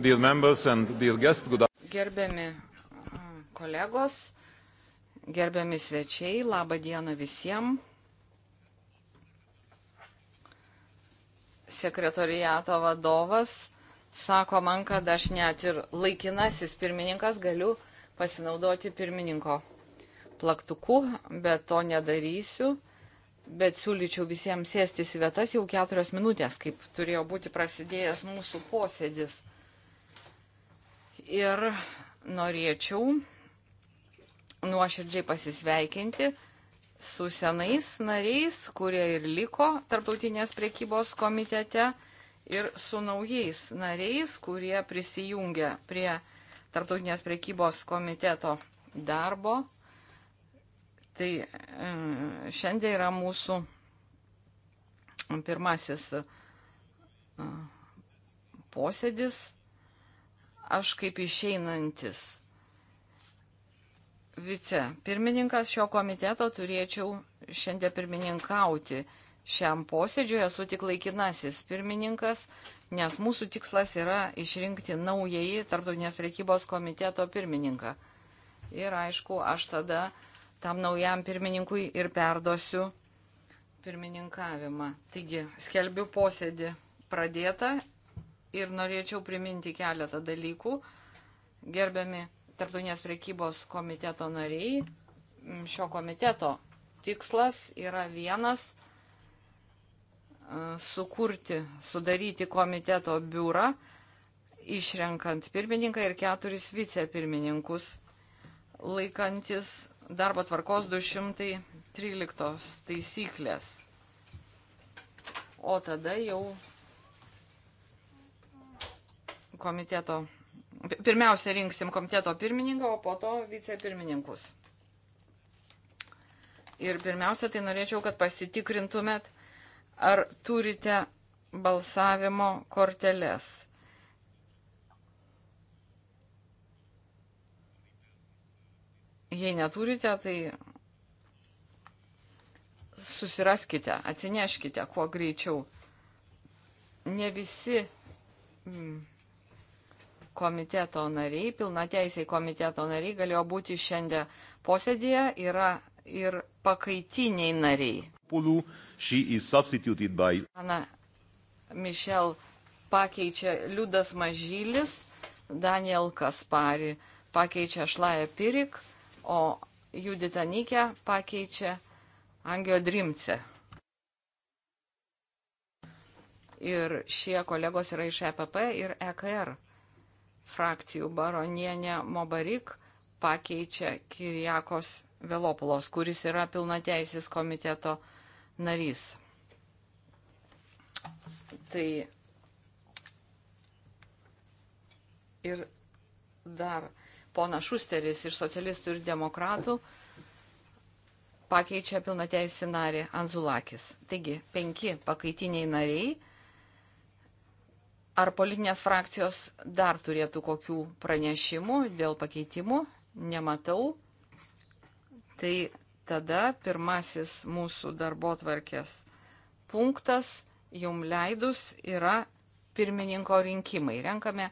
dear members and dear guests, good Gerbiami kolegos, gerbiami svečiai, laba diena visiems. Sekretoriato vadovas sako man, kad aš net ir laikinasis pirmininkas galiu pasinaudoti pirmininko plaktuku, bet to nedarysiu. Bet siūlyčiau visiems sėstis į vietas jau keturios minutės, kaip turėjo būti prasidėjęs mūsų posėdis ir norėčiau nuoširdžiai pasisveikinti su senais nariais, kurie ir liko Tarptautinės priekybos komitete ir su naujais nariais, kurie prisijungia prie Tarptautinės priekybos komiteto darbo. Tai e, šiandien yra mūsų pirmasis e, posėdis aš kaip išeinantis vicepirmininkas šio komiteto turėčiau šiandien pirmininkauti šiam posėdžiui, esu tik laikinasis pirmininkas, nes mūsų tikslas yra išrinkti naująjį Tarptautinės priekybos komiteto pirmininką. Ir aišku, aš tada tam naujam pirmininkui ir perdosiu pirmininkavimą. Taigi, skelbiu posėdį pradėtą ir norėčiau priminti keletą dalykų. Gerbiami Tarptautinės priekybos komiteto nariai, šio komiteto tikslas yra vienas sukurti, sudaryti komiteto biurą, išrenkant pirmininką ir keturis vicepirmininkus, laikantis darbo tvarkos 213 taisyklės. O tada jau komiteto. Pirmiausia, rinksim komiteto pirmininką, o po to vicepirmininkus. Ir pirmiausia, tai norėčiau, kad pasitikrintumėt, ar turite balsavimo korteles. Jei neturite, tai susiraskite, atsineškite kuo greičiau. Ne visi mm, komiteto nariai, pilnateisiai komiteto nariai galėjo būti šiandien posėdėje, yra ir pakaitiniai nariai. Pulu, by... Ana Mišel pakeičia Liudas Mažylis, Daniel Kaspari pakeičia Šlaja Pirik, o Judita Nikė pakeičia Angio Drimce. Ir šie kolegos yra iš EPP ir EKR frakcijų baronienė Mobarik pakeičia Kiriakos Velopolos, kuris yra pilnateisis komiteto narys. Tai ir dar pona Šusteris iš socialistų ir demokratų pakeičia pilnateisį narį Anzulakis. Taigi penki pakaitiniai nariai Ar politinės frakcijos dar turėtų kokių pranešimų dėl pakeitimų? Nematau. Tai tada pirmasis mūsų darbo tvarkės punktas jum leidus yra pirmininko rinkimai. Renkame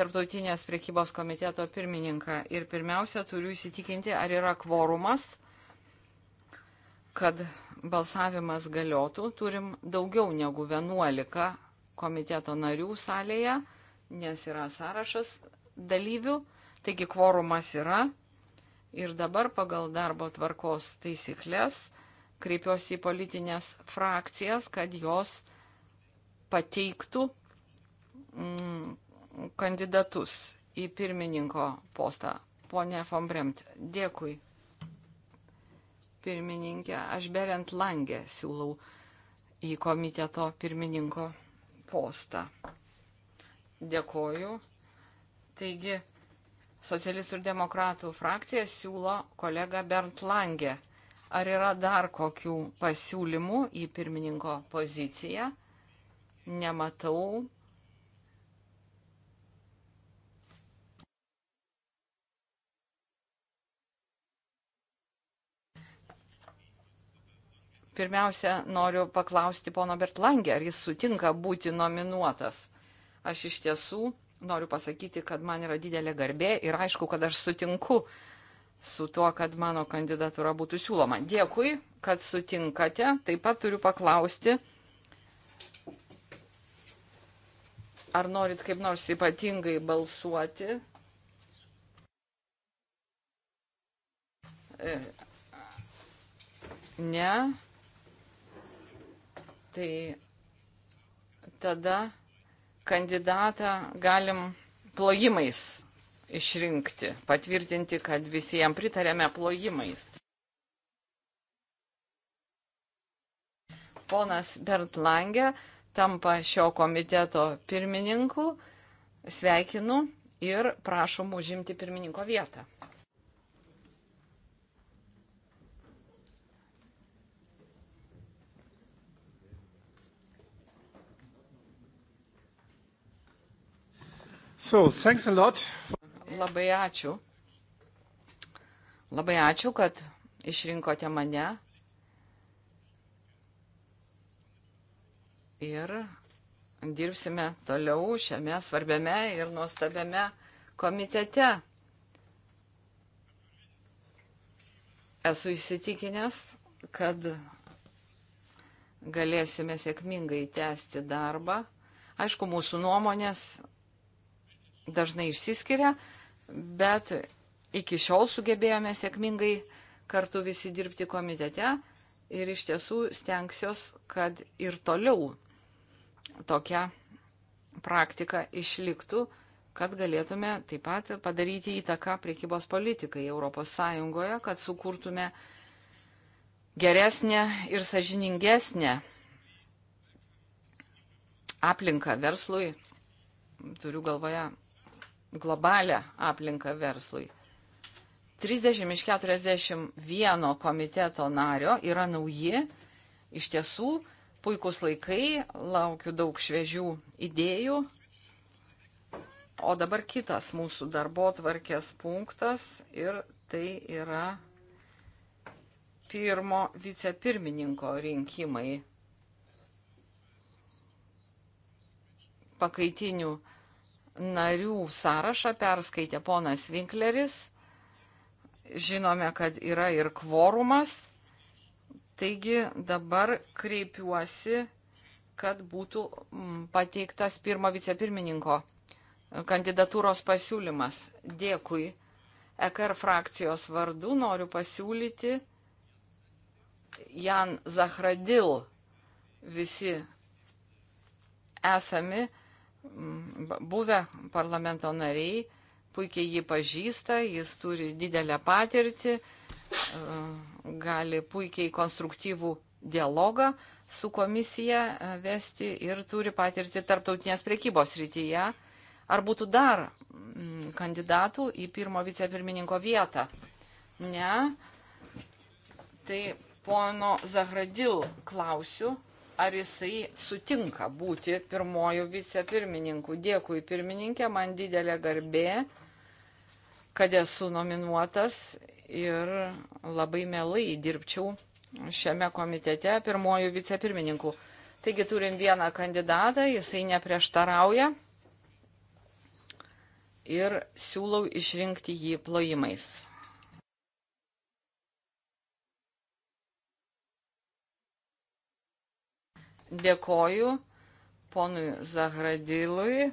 Tarptautinės priekybos komiteto pirmininką ir pirmiausia turiu įsitikinti, ar yra kvorumas, kad balsavimas galiotų. Turim daugiau negu 11 komiteto narių salėje, nes yra sąrašas dalyvių, taigi kvorumas yra. Ir dabar pagal darbo tvarkos taisyklės kreipiuosi į politinės frakcijas, kad jos pateiktų mm, kandidatus į pirmininko postą. Pone Fombremt, dėkui. Pirmininkė, aš Berent Langė siūlau į komiteto pirmininko postą. Dėkoju. Taigi, socialistų ir demokratų frakcija siūlo kolega Bernd Lange. Ar yra dar kokių pasiūlymų į pirmininko poziciją? Nematau Pirmiausia, noriu paklausti pono Bertlangė, ar jis sutinka būti nominuotas. Aš iš tiesų noriu pasakyti, kad man yra didelė garbė ir aišku, kad aš sutinku su tuo, kad mano kandidatūra būtų siūloma. Dėkui, kad sutinkate. Taip pat turiu paklausti, ar norit kaip nors ypatingai balsuoti. E, ne tai tada kandidatą galim plojimais išrinkti, patvirtinti, kad visi jam pritarėme plojimais. Ponas Bert Lange tampa šio komiteto pirmininku. Sveikinu ir prašom užimti pirmininko vietą. So, thanks a lot. Labai ačiū. Labai ačiū, kad išrinkote mane. Ir dirbsime toliau šiame svarbiame ir nuostabiame komitete. Esu įsitikinęs, kad galėsime sėkmingai tęsti darbą. Aišku, mūsų nuomonės dažnai išsiskiria, bet iki šiol sugebėjome sėkmingai kartu visi dirbti komitete ir iš tiesų stengsiuos, kad ir toliau tokia praktika išliktų, kad galėtume taip pat padaryti įtaką priekybos politikai ES, kad sukurtume geresnę ir sažiningesnę aplinką verslui, turiu galvoje globalę aplinką verslui. 30 iš 41 komiteto nario yra nauji, iš tiesų puikūs laikai, laukiu daug šviežių idėjų. O dabar kitas mūsų darbo tvarkės punktas ir tai yra pirmo vicepirmininko rinkimai. Pakaitinių narių sąrašą perskaitė ponas Winkleris. Žinome, kad yra ir kvorumas. Taigi dabar kreipiuosi, kad būtų mm, pateiktas pirmo vicepirmininko kandidatūros pasiūlymas. Dėkui. EKR frakcijos vardu noriu pasiūlyti Jan Zahradil. Visi esami Mm, buvę parlamento nariai, puikiai jį pažįsta, jis turi didelę patirtį, e, gali puikiai konstruktyvų dialogą su komisija e, vesti ir turi patirtį tarptautinės priekybos rytyje. Ar būtų dar mm, kandidatų į pirmo vicepirmininko vietą? Ne. Tai pono Zahradil klausiu, ar jisai sutinka būti pirmoju vicepirmininku. Dėkui pirmininkė, man didelė garbė, kad esu nominuotas ir labai mielai dirbčiau šiame komitete pirmoju vicepirmininku. Taigi turim vieną kandidatą, jisai neprieštarauja ir siūlau išrinkti jį plojimais. Dėkoju ponui Zahradilui.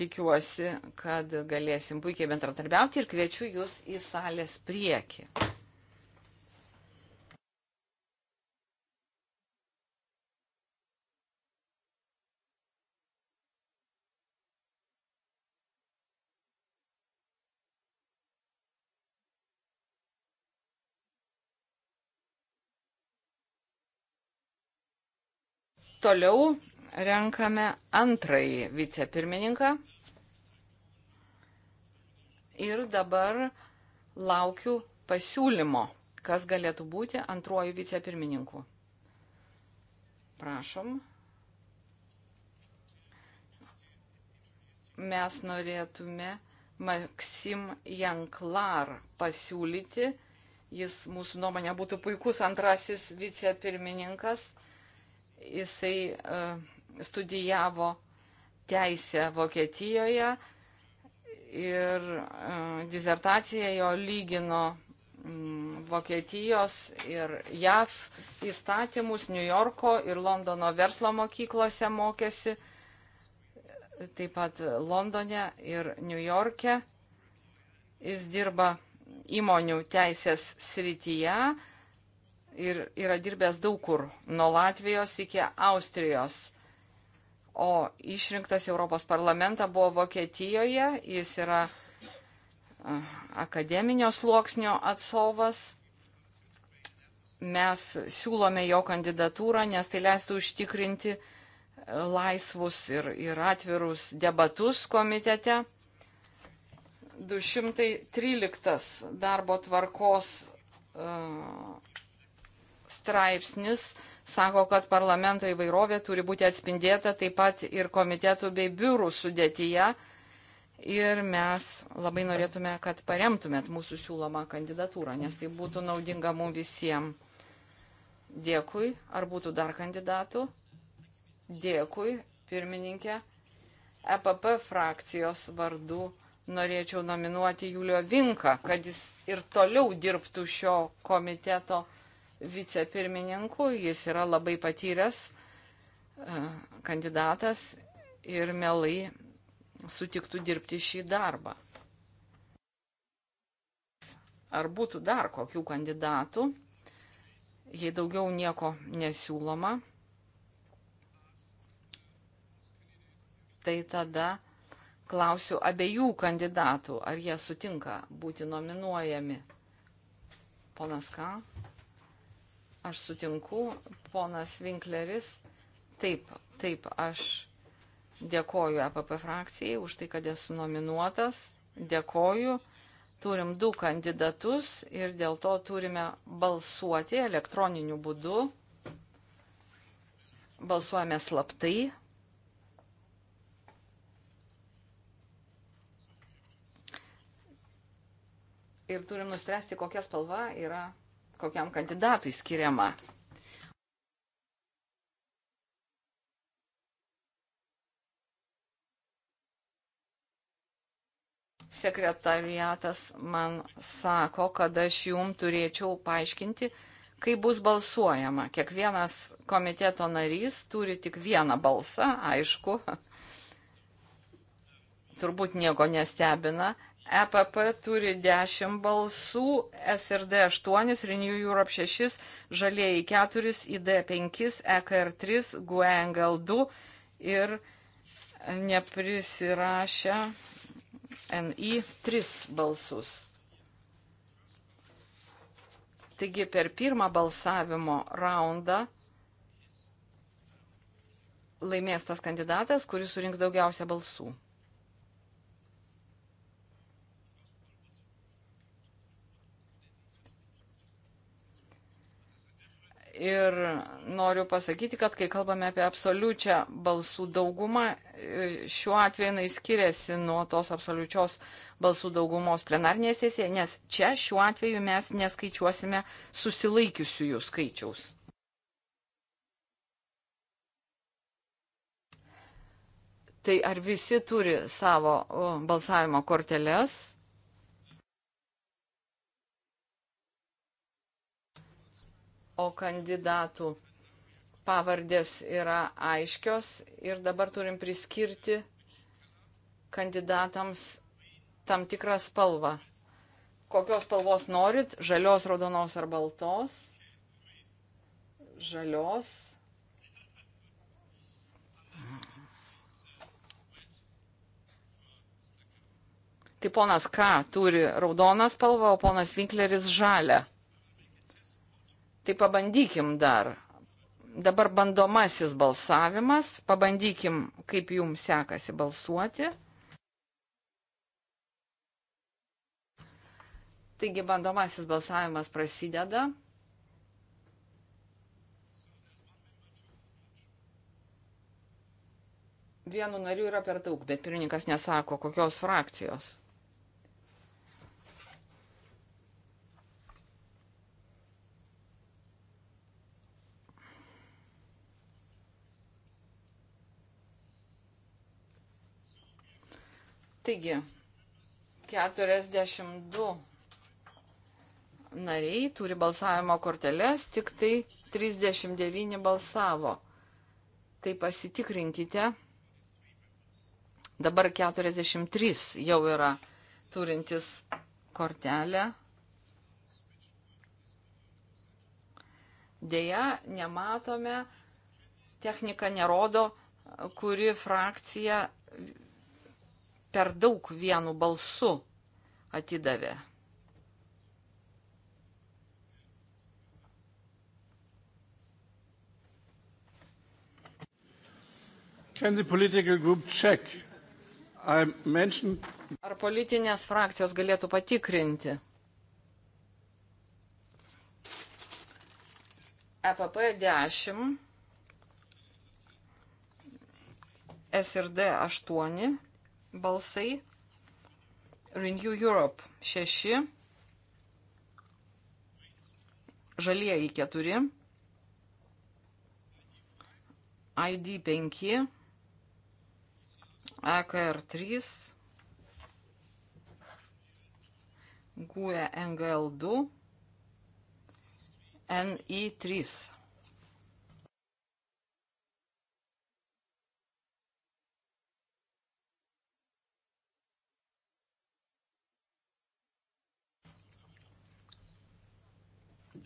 Tikiuosi, kad galėsim puikiai bendratarbiauti ir kviečiu jūs į salės priekį. Toliau renkame antrąjį vicepirmininką. Ir dabar laukiu pasiūlymo, kas galėtų būti antruoju vicepirmininku. Prašom. Mes norėtume Maksim Janklar pasiūlyti. Jis mūsų nuomonė būtų puikus antrasis vicepirmininkas. pirmininkas Jisai e, studijavo teisę Vokietijoje ir e, dizertaciją jo lygino mm, Vokietijos ir JAV įstatymus New Yorko ir Londono verslo mokyklose mokėsi, taip pat Londone ir New Yorke. Jis dirba įmonių teisės srityje, ir yra dirbęs daug kur, nuo Latvijos iki Austrijos. O išrinktas Europos parlamentą buvo Vokietijoje, jis yra akademinio sluoksnio atstovas. Mes siūlome jo kandidatūrą, nes tai leistų užtikrinti laisvus ir, ir atvirus debatus komitete. 213 darbo tvarkos uh, straipsnis sako, kad parlamento įvairovė turi būti atspindėta taip pat ir komitetų bei biurų sudėtyje. Ir mes labai norėtume, kad paremtumėt mūsų siūlomą kandidatūrą, nes tai būtų naudinga mums visiems. Dėkui. Ar būtų dar kandidatų? Dėkui, pirmininkė. EPP frakcijos vardu norėčiau nominuoti Julio Vinką, kad jis ir toliau dirbtų šio komiteto vicepirmininku. Jis yra labai patyręs e, kandidatas ir mielai sutiktų dirbti šį darbą. Ar būtų dar kokių kandidatų, jei daugiau nieko nesiūloma, tai tada klausiu abiejų kandidatų, ar jie sutinka būti nominuojami. Ponas K. Aš sutinku, ponas Winkleris, taip, taip, aš dėkoju EPP frakcijai už tai, kad esu nominuotas, dėkoju. Turim du kandidatus ir dėl to turime balsuoti elektroniniu būdu. Balsuojame slaptai. ir turim nuspręsti, kokia spalva yra kokiam kandidatui skiriama. Sekretariatas man sako, kad aš jum turėčiau paaiškinti, kaip bus balsuojama. Kiekvienas komiteto narys turi tik vieną balsą, aišku. Turbūt nieko nestebina, EPP turi 10 balsų, SRD 8, Renew Europe 6, Žalieji 4, ID 5, EKR 3, GUENGL 2 ir neprisirašę NI 3 balsus. Taigi per pirmą balsavimo raundą laimės tas kandidatas, kuris surinks daugiausia balsų. Ir noriu pasakyti, kad kai kalbame apie absoliučią balsų daugumą, e, šiuo atveju jinai skiriasi nuo tos absoliučios balsų daugumos plenarnėje sesijoje, nes čia šiuo atveju mes neskaičiuosime susilaikiusiųjų skaičiaus. Tai ar visi turi savo balsavimo korteles? o kandidatų pavardės yra aiškios ir dabar turim priskirti kandidatams tam tikrą spalvą. Kokios spalvos norit? Žalios, raudonos ar baltos? Žalios. Tai ponas K turi raudoną spalvą, o ponas Vinkleris žalę. Tai pabandykim dar. Dabar bandomasis balsavimas. Pabandykim, kaip jums sekasi balsuoti. Taigi bandomasis balsavimas prasideda. Vienu nariu yra per daug, bet pirmininkas nesako, kokios frakcijos. Taigi, 42 nariai turi balsavimo korteles, tik tai 39 balsavo. Tai pasitikrinkite. Dabar 43 jau yra turintis kortelę. Deja, nematome, technika nerodo, kuri frakcija per daug vienu balsu atidavė. Mentioned... Ar politinės frakcijos galėtų patikrinti? EPP 10, SRD 8, balsai. Renew Europe 6, žalieji 4, ID 5, EKR 3, GUE NGL 2, NI 3.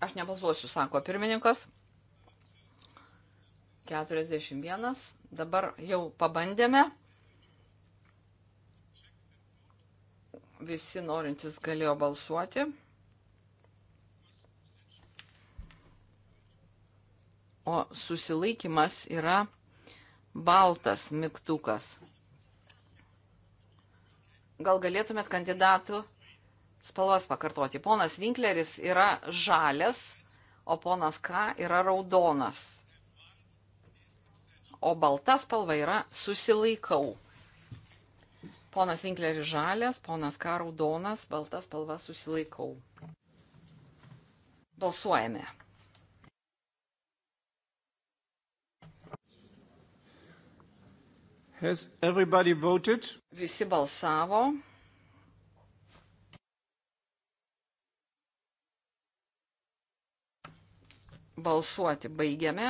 Aš nebalsuosiu, sako pirmininkas. 41. Dabar jau pabandėme. Visi norintys galėjo balsuoti. O susilaikimas yra baltas mygtukas. Gal galėtumėt kandidatų spalvas pakartoti. Ponas Winkleris yra žalias, o ponas K yra raudonas. O balta spalva yra susilaikau. Ponas Winkleris žalias, ponas K raudonas, balta spalva susilaikau. Balsuojame. Has everybody voted? Visi balsavo. Balsuoti baigiame.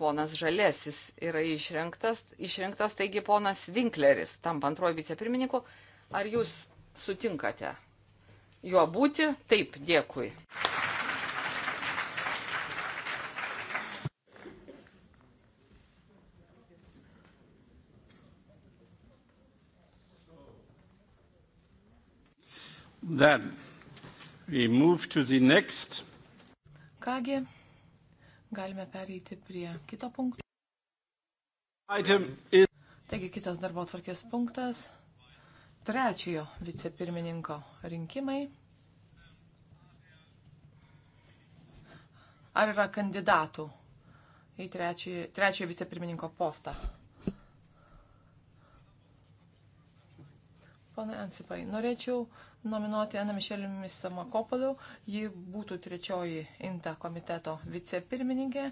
Ponas Žalėsis yra išrinktas, išrinktas taigi ponas Vinkleris, tam antrojo vicepirmininku. Ar jūs sutinkate juo būti? Taip, dėkui. Then we move to the next. Kągi, galime pereiti prie kito punkto. Item is... Taigi kitas darbo atvarkės punktas. Trečiojo vicepirmininko rinkimai. Ar yra kandidatų į trečiojo vicepirmininko postą? Pane Ansipai, norėčiau nominuoti Aną Mišelį Misamakopolį. Ji būtų trečioji INTA komiteto vicepirmininkė.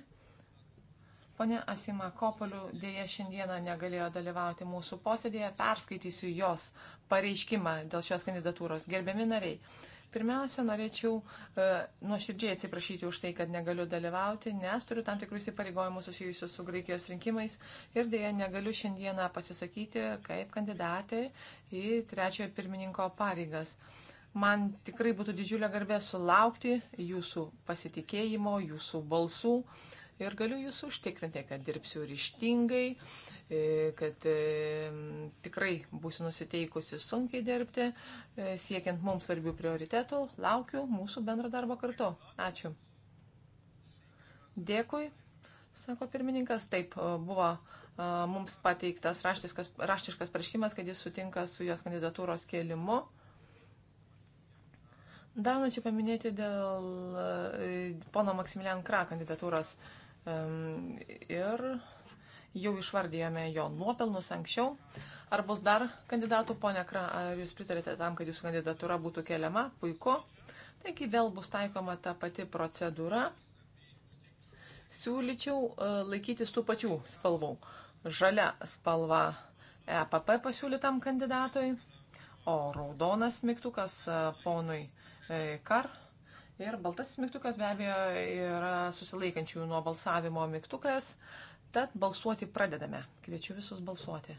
Pone Asimakopoliu dėja šiandieną negalėjo dalyvauti mūsų posėdėje. Perskaitysiu jos pareiškimą dėl šios kandidatūros. Gerbiami nariai, Pirmiausia, norėčiau e, nuoširdžiai atsiprašyti už tai, kad negaliu dalyvauti, nes turiu tam tikrus įpareigojimus susijusius su Graikijos rinkimais ir dėja negaliu šiandieną pasisakyti kaip kandidatė į trečiojo pirmininko pareigas. Man tikrai būtų didžiulė garbė sulaukti jūsų pasitikėjimo, jūsų balsų ir galiu jūs užtikrinti, kad dirbsiu ryštingai E, kad e, tikrai būsiu nusiteikusi sunkiai dirbti, e, siekiant mums svarbių prioritetų. Laukiu mūsų bendro darbo kartu. Ačiū. Dėkui, sako pirmininkas. Taip, buvo mums pateiktas raštiškas, raštiškas praškimas, kad jis sutinka su jos kandidatūros kėlimu. Dar norėčiau paminėti dėl pono Maksimilian Kra kandidatūros. Ir Jau išvardėjome jo nuopelnus anksčiau. Ar bus dar kandidatų, ponia Kra, ar jūs pritarėte tam, kad jūsų kandidatūra būtų keliama? Puiku. Taigi vėl bus taikoma ta pati procedūra. Siūlyčiau e, laikytis tų pačių spalvų. Žalia spalva EPP pasiūlytam kandidatui, o raudonas mygtukas e, ponui e, Kar. Ir baltasis mygtukas be abejo yra susilaikančiųjų nuo balsavimo mygtukas. Uh, Tad balsuoti pradedame. Kviečiu visus balsuoti.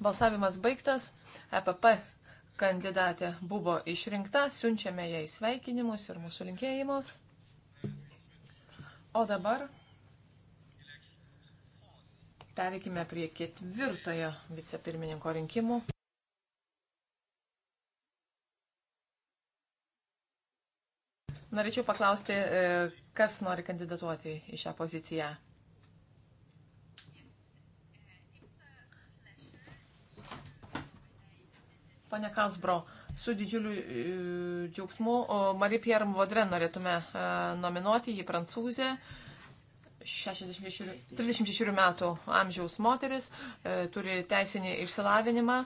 Balsavimas baigtas. EPP kandidatė buvo išrinkta, siunčiame jai sveikinimus ir mūsų linkėjimus. O dabar Pereikime prie ketvirtojo vicepirmininko rinkimų. Norėčiau paklausti, e, kas nori kandidatuoti į šią poziciją. Pane Kalsbro, su didžiuliu e, džiaugsmu Marie-Pierre Vaudren norėtume e, nominuoti, ji prancūzė. 66, 36 metų amžiaus moteris, e, turi teisinį išsilavinimą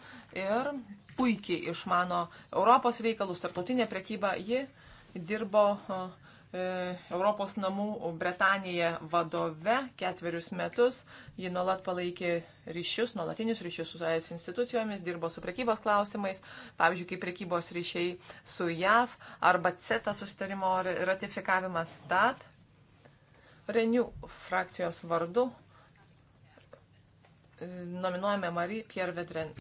ir puikiai išmano Europos reikalus, tarptautinė prekyba. Ji dirbo uh, E, Europos namų Bretanija vadove ketverius metus. Ji nuolat palaikė ryšius, nuolatinius ryšius su es institucijomis, dirbo su prekybos klausimais, pavyzdžiui, kaip prekybos ryšiai su JAV arba CETA susitarimo ratifikavimas STAT. Renių frakcijos vardu e, nominuojame Marie Pierre Vedren.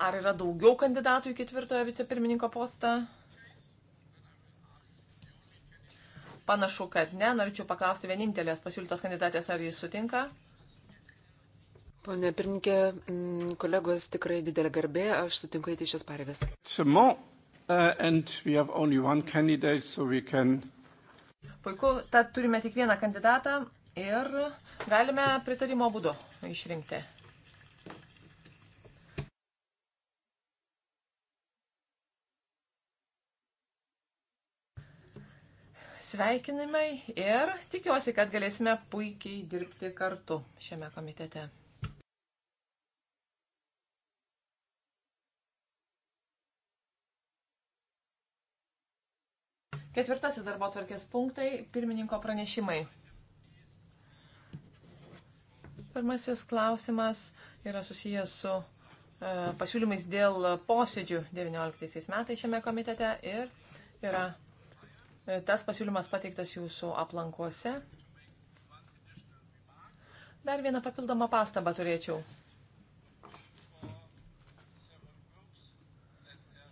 Ar yra daugiau kandidatų į ketvirtojo vicepirmininko postą? Panašu, kad ne. Norėčiau paklausti vienintelės pasiūlytos kandidatės, ar jis sutinka. Pone pirmininkė, mm, kolegos, tikrai didelė garbė, aš sutinku įti šias pareigas. Uh, Puiku, tad turime tik vieną kandidatą ir galime pritarimo būdu išrinkti. sveikinimai ir tikiuosi, kad galėsime puikiai dirbti kartu šiame komitete. Ketvirtasis darbo tvarkės punktai - pirmininko pranešimai. Pirmasis klausimas yra susijęs su e, pasiūlymais dėl posėdžių 19 metais šiame komitete ir yra E, tas pasiūlymas pateiktas jūsų aplankuose. Dar vieną papildomą pastabą turėčiau.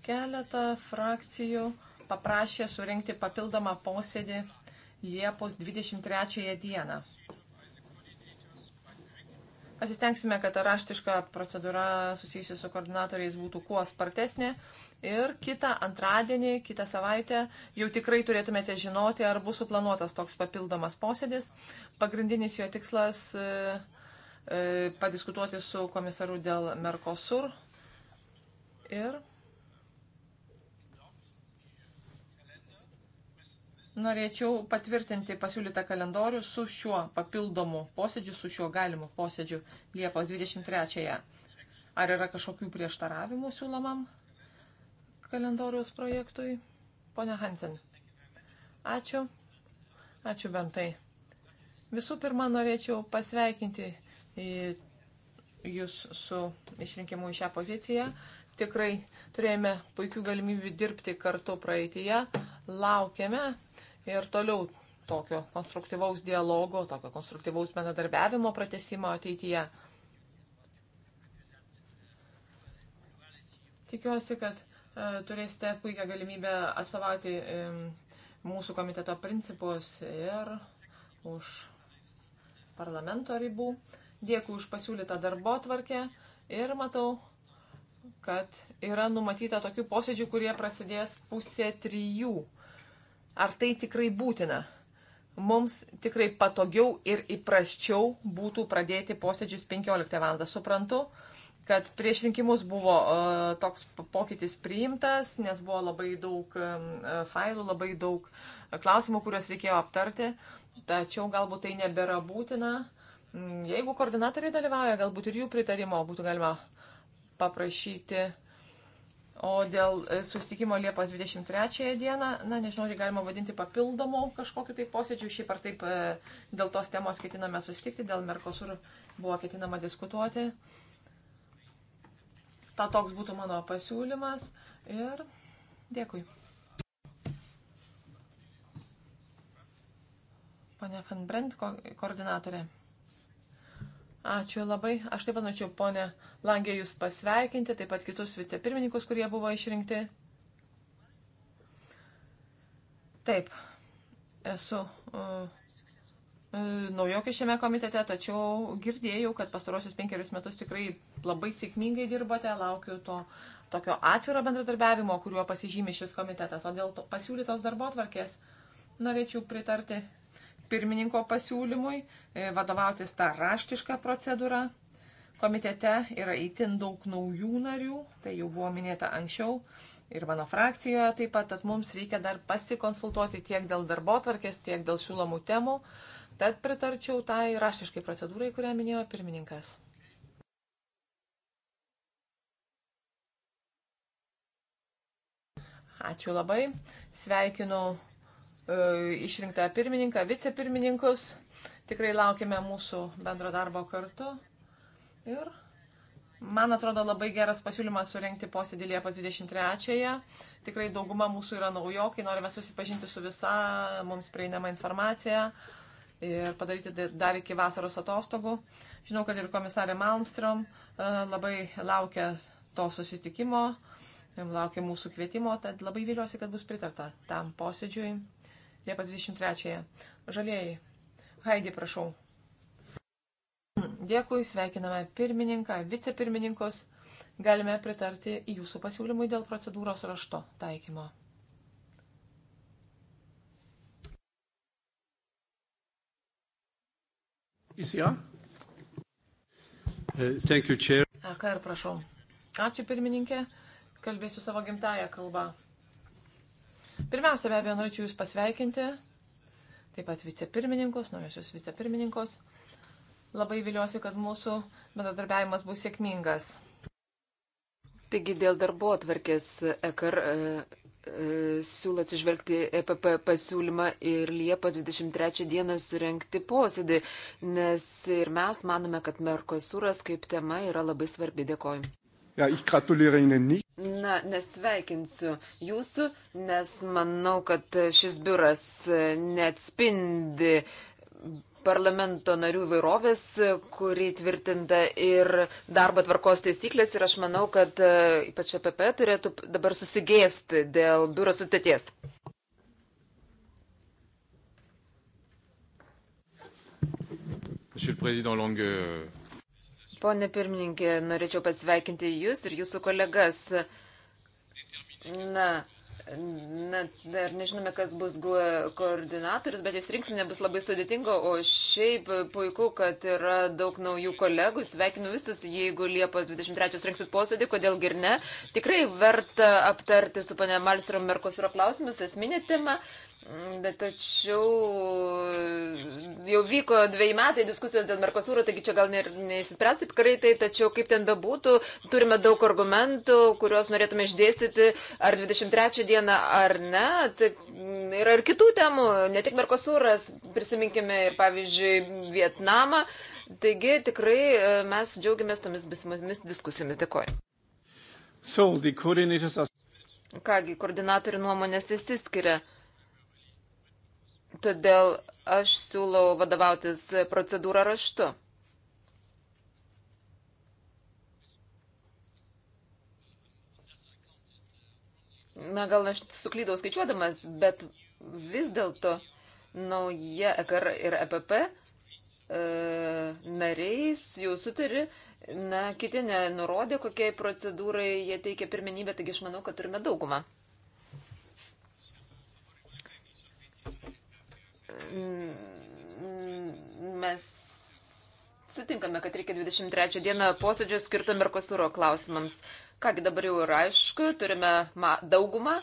Keletą frakcijų paprašė surinkti papildomą posėdį Liepos 23 dieną. Pasistengsime, kad raštiška procedūra susijusi su koordinatoriais būtų kuo spartesnė ir kitą antradienį, kitą savaitę jau tikrai turėtumėte žinoti, ar bus suplanuotas toks papildomas posėdis. Pagrindinis jo tikslas e, e, padiskutuoti su komisaru dėl Mercosur ir Norėčiau patvirtinti pasiūlytą kalendorių su šiuo papildomu posėdžiu, su šiuo galimu posėdžiu Liepos 23-ąją. Ar yra kažkokių prieštaravimų siūlomam kalendoriaus projektui? Pone Hansen. Ačiū. Ačiū bentai. Visų pirma, norėčiau pasveikinti e, jūs su išrinkimu į šią poziciją. Tikrai turėjome puikių galimybių dirbti kartu praeitįje. Laukiame ir toliau tokio konstruktyvaus dialogo, tokio konstruktyvaus bendradarbiavimo pratesimo ateityje. Tikiuosi, kad e, turėsite puikią galimybę atstovauti e, mūsų komiteto principus ir už parlamento ribų. Dėkui už pasiūlytą darbo tvarkę ir matau, kad yra numatyta tokių posėdžių, kurie prasidės pusė trijų. Ar tai tikrai būtina? Mums tikrai patogiau ir įprasčiau būtų pradėti posėdžius 15 val. Suprantu, kad prieš rinkimus buvo uh, toks pokytis priimtas, nes buvo labai daug um, failų, labai daug e, klausimų, kuriuos reikėjo aptarti, tačiau galbūt tai nebėra būtina. Mm, jeigu koordinatoriai dalyvauja, galbūt ir jų pritarimo būtų galima paprašyti O dėl e, sustikimo Liepos 23 dieną, na nežinau, ar galima vadinti papildomu kažkokiu tai posėdžiu, šiaip ar taip e, dėl tos temos ketiname sustikti, dėl Merkosur buvo ketinama diskutuoti. Ta toks būtų mano pasiūlymas ir dėkui. Pane Fanbrent, ko koordinatorė. Ačiū labai. Aš taip pat norėčiau, ponė Langė, jūs pasveikinti, taip pat kitus vicepirmininkus, kurie buvo išrinkti. Taip, esu uh, naujokė šiame komitete, tačiau girdėjau, kad pastarosius penkerius metus tikrai labai sėkmingai dirbote, laukiu to tokio atviro bendradarbiavimo, kuriuo pasižymė šis komitetas. O dėl to pasiūlytos darbo tvarkės norėčiau pritarti pirmininko pasiūlymui, e, vadovautis tą raštišką procedūrą. Komitete yra įtin daug naujų narių, tai jau buvo minėta anksčiau ir mano frakcijoje taip pat, tad mums reikia dar pasikonsultuoti tiek dėl darbo tvarkės, tiek dėl siūlomų temų, tad pritarčiau tai raštiškai procedūrai, kurią minėjo pirmininkas. Ačiū labai, sveikinu E, išrinktą pirmininką, vicepirmininkus. Tikrai laukime mūsų bendro darbo kartu. Ir man atrodo labai geras pasiūlymas surenkti posėdį Liepos 23-ąją. Tikrai dauguma mūsų yra naujokai, norime susipažinti su visa mums prieinama informacija ir padaryti dar iki vasaros atostogų. Žinau, kad ir komisarė Malmstrom e, labai laukia to susitikimo, laukia mūsų kvietimo, tad labai viliuosi, kad bus pritarta tam posėdžiui. Liepos 23-ąją. Žalieji. Haidė, prašau. Dėkui, sveikiname pirmininką, vicepirmininkus. Galime pritarti jūsų pasiūlymui dėl procedūros rašto taikymo. Uh, Akar, prašau. Ačiū pirmininkė, kalbėsiu savo gimtają kalbą. Pirmiausia, be abejo, norėčiau Jūs pasveikinti, taip pat vicepirmininkus, naujosius vicepirmininkus. Labai viliuosi, kad mūsų bendradarbiavimas bus sėkmingas. Taigi dėl darbo atvarkės EKR e, e, siūlo atsižvelgti EPP pasiūlymą ir Liepą 23 dieną surenkti posėdį, nes ir mes manome, kad Merkosūras kaip tema yra labai svarbi. Dėkoju. Ja, ich gratuliere Ihnen nicht. Na, nesveikinsiu jūsų, nes manau, kad šis biuras neatspindi parlamento narių vairovės, kuri tvirtinta ir darbo tvarkos taisyklės ir aš manau, kad e, ypač APP e turėtų dabar susigėsti dėl biuro sutėties. Monsieur le Président Lange, Pone pirmininkė, norėčiau pasveikinti Jūs ir Jūsų kolegas. Na, na dar nežinome, kas bus koordinatorius, bet jūs rinksime bus labai sudėtingo, o šiaip puiku, kad yra daug naujų kolegų. Sveikinu visus, jeigu Liepos 23 rinksit posėdį, kodėl ir ne. Tikrai verta aptarti su pane Malstrom Merkosuro klausimus, esminė tema. Uh, Bet tačiau e, jau vyko dviejai metai diskusijos dėl Merkosūro, taigi čia gal neįsispręs taip greitai, tačiau kaip ten bebūtų, turime daug argumentų, kuriuos norėtume išdėstyti ar 23 dieną ar ne. Tai yra ir kitų temų, ne tik Merkosūras, prisiminkime ir pavyzdžiui Vietnamą. Taigi tikrai e, mes džiaugiamės tomis bisimomis diskusijomis. Dėkoju. So, Kągi, koordinatorių nuomonės įsiskiria. Todėl aš siūlau vadovautis procedūrą raštu. Na, gal aš suklydau skaičiuodamas, bet vis dėlto nauja EKR ir EPP e, e nariais jau sutari, na, kiti nenurodė, kokiai procedūrai jie teikia pirmenybę, taigi aš manau, kad turime daugumą. mes sutinkame, kad reikia 23 dieną posėdžio skirto Merkosūro klausimams. Kągi dabar jau yra aišku, turime daugumą,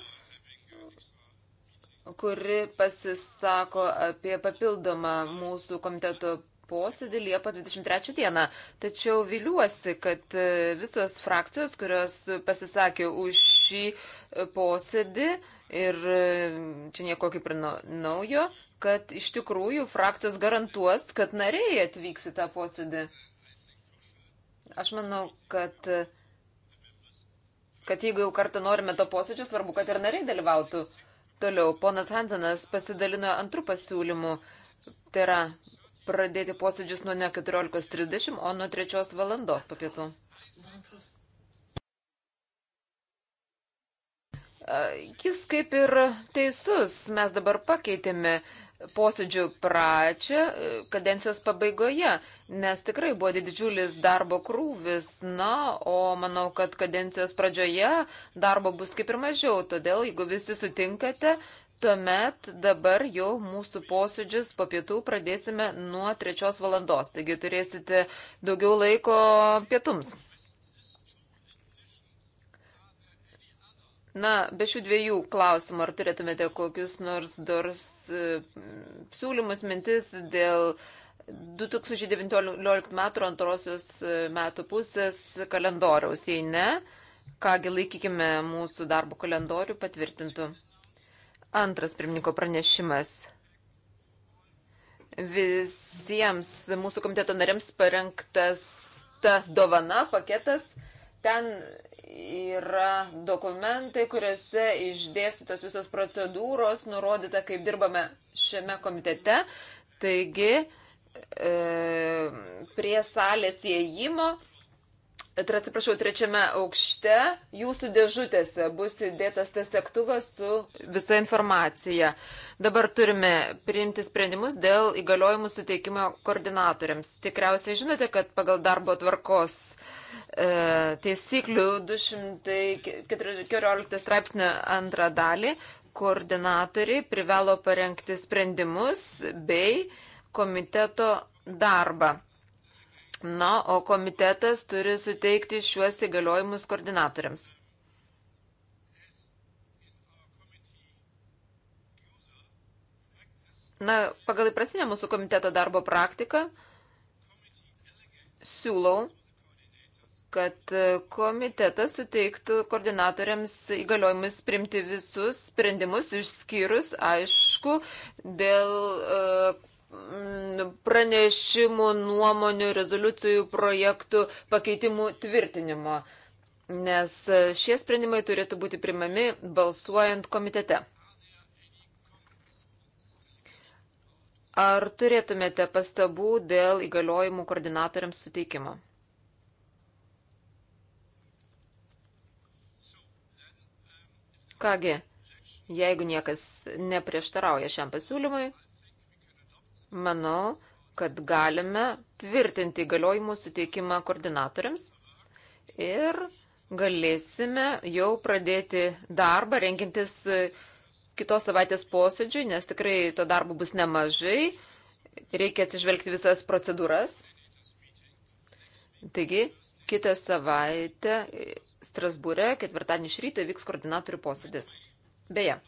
kuri pasisako apie papildomą mūsų komiteto posėdį Liepa 23 dieną. Tačiau viliuosi, kad e, visos frakcijos, kurios pasisakė už šį posėdį ir e, čia nieko kaip ir naujo, kad iš tikrųjų frakcijos garantuos, kad nariai atvyks į tą posėdį. Aš manau, kad, kad jeigu jau kartą norime to posėdžio, svarbu, kad ir nariai dalyvautų. Toliau, ponas Hansenas pasidalino antrų pasiūlymų. Tai yra pradėti posėdžius nuo ne 14.30, o nuo 3 valandos papietų. Jis kaip ir teisus, mes dabar pakeitėme posėdžių pradžią e, kadencijos pabaigoje, nes tikrai buvo didžiulis darbo krūvis. Na, o manau, kad kadencijos pradžioje darbo bus kaip ir mažiau. Todėl, jeigu visi sutinkate, tuomet dabar jau mūsų posėdžius po pietų pradėsime nuo trečios valandos. Taigi turėsite daugiau laiko pietums. Na, be šių dviejų klausimų, ar turėtumėte kokius nors dors e, siūlymus, mintis dėl 2019 metų antrosios e, metų pusės kalendoriaus, jei ne, kągi laikykime mūsų darbo kalendorių patvirtintų. Antras pirmininko pranešimas. Visiems mūsų komiteto nariams parengtas ta dovana, paketas. Ten yra dokumentai, kuriuose išdėstytos visos procedūros, nurodyta, kaip dirbame šiame komitete. Taigi, e, prie salės įėjimo atsiprašau, trečiame aukšte jūsų dėžutėse bus įdėtas tas sektuvas su visa informacija. Dabar turime priimti sprendimus dėl įgaliojimų suteikimo koordinatoriams. Tikriausiai žinote, kad pagal darbo tvarkos e, taisyklių 214 straipsnio antrą dalį koordinatoriai privalo parengti sprendimus bei komiteto darbą na, o komitetas turi suteikti šiuos įgaliojimus koordinatoriams. Na, pagal įprasinę mūsų komiteto darbo praktiką siūlau, kad komitetas suteiktų koordinatoriams įgaliojimus primti visus sprendimus, išskyrus, aišku, dėl uh, pranešimų, nuomonių, rezoliucijų, projektų, pakeitimų tvirtinimo, nes šie sprendimai turėtų būti primami balsuojant komitete. Ar turėtumėte pastabų dėl įgaliojimų koordinatoriams suteikimo? Kągi, jeigu niekas neprieštarauja šiam pasiūlymui, manau, kad galime tvirtinti įgaliojimų suteikimą koordinatoriams ir galėsime jau pradėti darbą, renkintis kitos savaitės posėdžiui, nes tikrai to darbo bus nemažai. Reikia atsižvelgti visas procedūras. Taigi, kitą savaitę Strasbūre, ketvirtadienį iš ryto, vyks koordinatorių posėdis. Beje,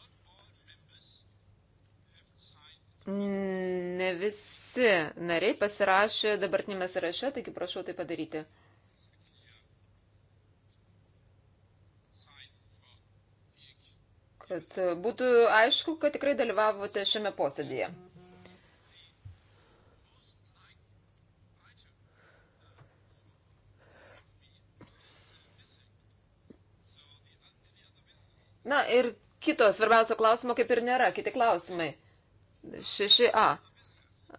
ne visi nariai pasirašė dabartinėme sąraše, taigi prašau tai padaryti. Kad būtų aišku, kad tikrai dalyvavote šiame posėdėje. Na ir kito svarbiausio klausimo kaip ir nėra, kiti klausimai. 6a.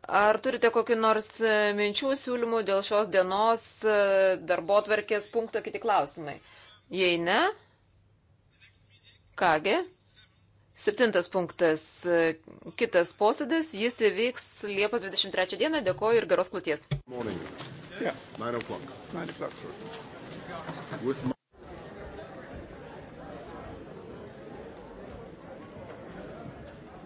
Ar turite kokį nors e, minčių siūlymų dėl šios dienos e, darbo tvarkės punkto kiti klausimai? Jei ne, kągi, septintas punktas, e, kitas posėdis, jis įvyks Liepos 23 dieną, dėkoju ir geros kloties. Morning. Yeah. Nine